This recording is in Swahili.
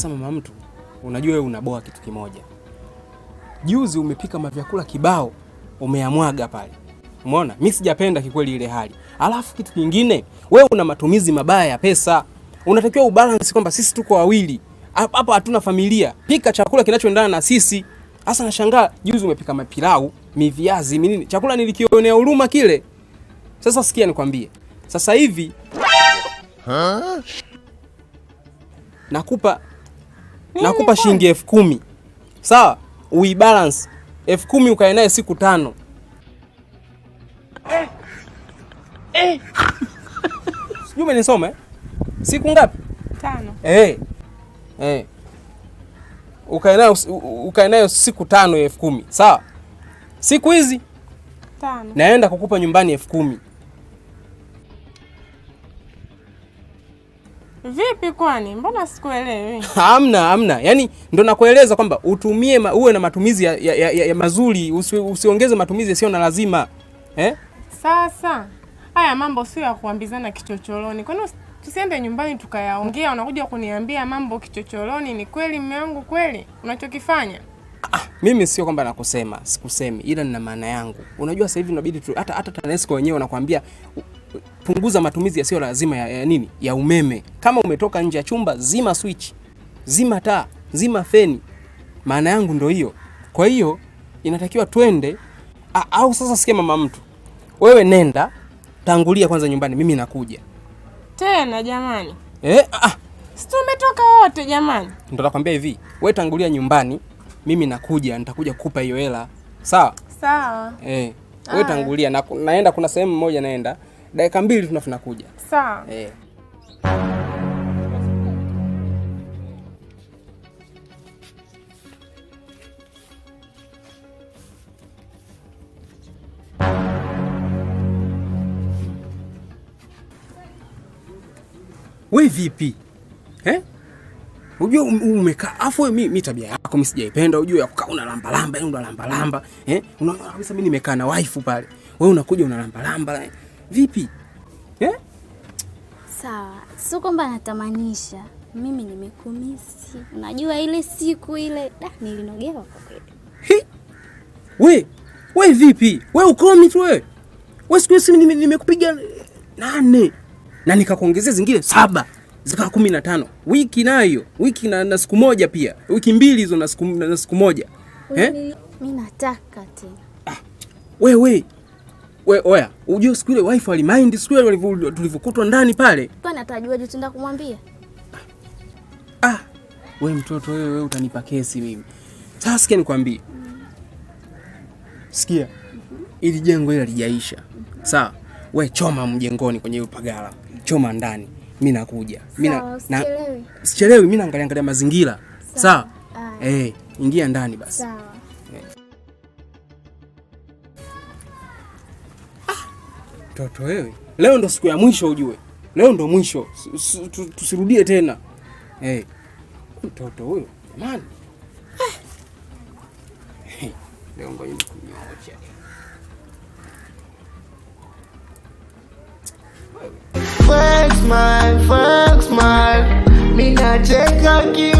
Sasa mama mtu, unajua wewe unaboa kitu kimoja. Juzi umepika mavyakula kibao, umeamwaga pale, umeona. Mimi sijapenda kikweli ile hali. Alafu kitu kingine, wewe una matumizi mabaya ya pesa. Unatakiwa ubalance kwamba sisi tuko wawili hapa, hatuna familia, pika chakula kinachoendana na sisi. Hasa nashangaa juzi umepika mapilau, miviazi, minini, chakula nilikionea huruma kile. Sasa sikia nikwambie, sasa hivi Ha? nakupa nakupa shilingi elfu kumi sawa, uibalance elfu kumi ukae naye siku tano eh. Eh. sijui umenisoma eh? siku ngapi? Tano. Eh. Eh. Ukae nayo ukae nayo siku tano elfu kumi sawa, siku hizi naenda kukupa nyumbani elfu kumi Vipi kwani? Mbona sikuelewi? Hamna, hamna. Yaani ndo nakueleza kwamba utumie ma, uwe na matumizi ya, ya, ya, ya mazuri, usi, usiongeze matumizi sio na lazima. Eh? Sasa. Haya mambo sio ya kuambizana kichochoroni. Kwani tusiende nyumbani tukayaongea, unakuja kuniambia mambo kichochoroni? Ni kweli mume wangu, kweli unachokifanya? Ah, mimi sio kwamba nakusema, sikusemi, ila nina maana yangu. Unajua sasa hivi inabidi hata hata TANESCO wenyewe wanakuambia punguza matumizi yasiyo lazima ya, ya nini ya umeme. Kama umetoka nje ya chumba, zima switch, zima taa, zima feni. Maana yangu ndo hiyo. Kwa hiyo inatakiwa twende au sasa, sikia mama mtu, wewe nenda tangulia kwanza nyumbani, mimi nakuja tena jamani. Eh, ah, ah, si tumetoka wote jamani. Ndo nakwambia hivi, wewe tangulia nyumbani, mimi nakuja, nitakuja kukupa hiyo hela, sawa sawa. Eh, wewe tangulia na, naenda kuna sehemu moja naenda dakika mbili tunakuja. Sawa. Eh. We vipi eh? Unajua um, um, umekaa afu mi, mi tabia yako mi sijaipenda. ujue kukaa una lamba lamba, yaani lamba lamba eh? Unaona kabisa mimi nimekaa na waifu pale, wewe unakuja una lamba lamba eh? vipi eh? Sawa, sio kwamba natamanisha Mimi nimekumisi, unajua ile siku ile da, nilinogewa kwa kweli. We we vipi we ukomi tu we we, siku hizi nimekupiga nane na nikakuongezea zingine saba zikawa kumi na tano wiki nayo wiki na, na siku moja pia wiki mbili hizo na siku, na, na siku moja eh? Mimi nataka tena ah, we we, oya, unajua siku ile wife alimind siku ile tulivyokutwa ndani pale. Bwana atajuaje tutaenda kumwambia? Ah. Wewe mtoto wewe, wewe utanipa kesi mimi. Sasa sikia nikwambie. Sikia. Ili jengo ile lijaisha Sawa. We choma mjengoni kwenye upagala. pagala. Choma ndani. Mimi nakuja. Mimi na sichelewi. Mimi naangalia angalia mazingira. Sawa. Eh, ingia ndani basi. Sawa. Mtoto wewe, leo ndo siku ya mwisho ujue, leo ndo mwisho, tusirudie tena. Hey, eh, mtoto huyo jamani, ah. leo ngoja nikunyooshe Flex my, flex my, mimi nacheka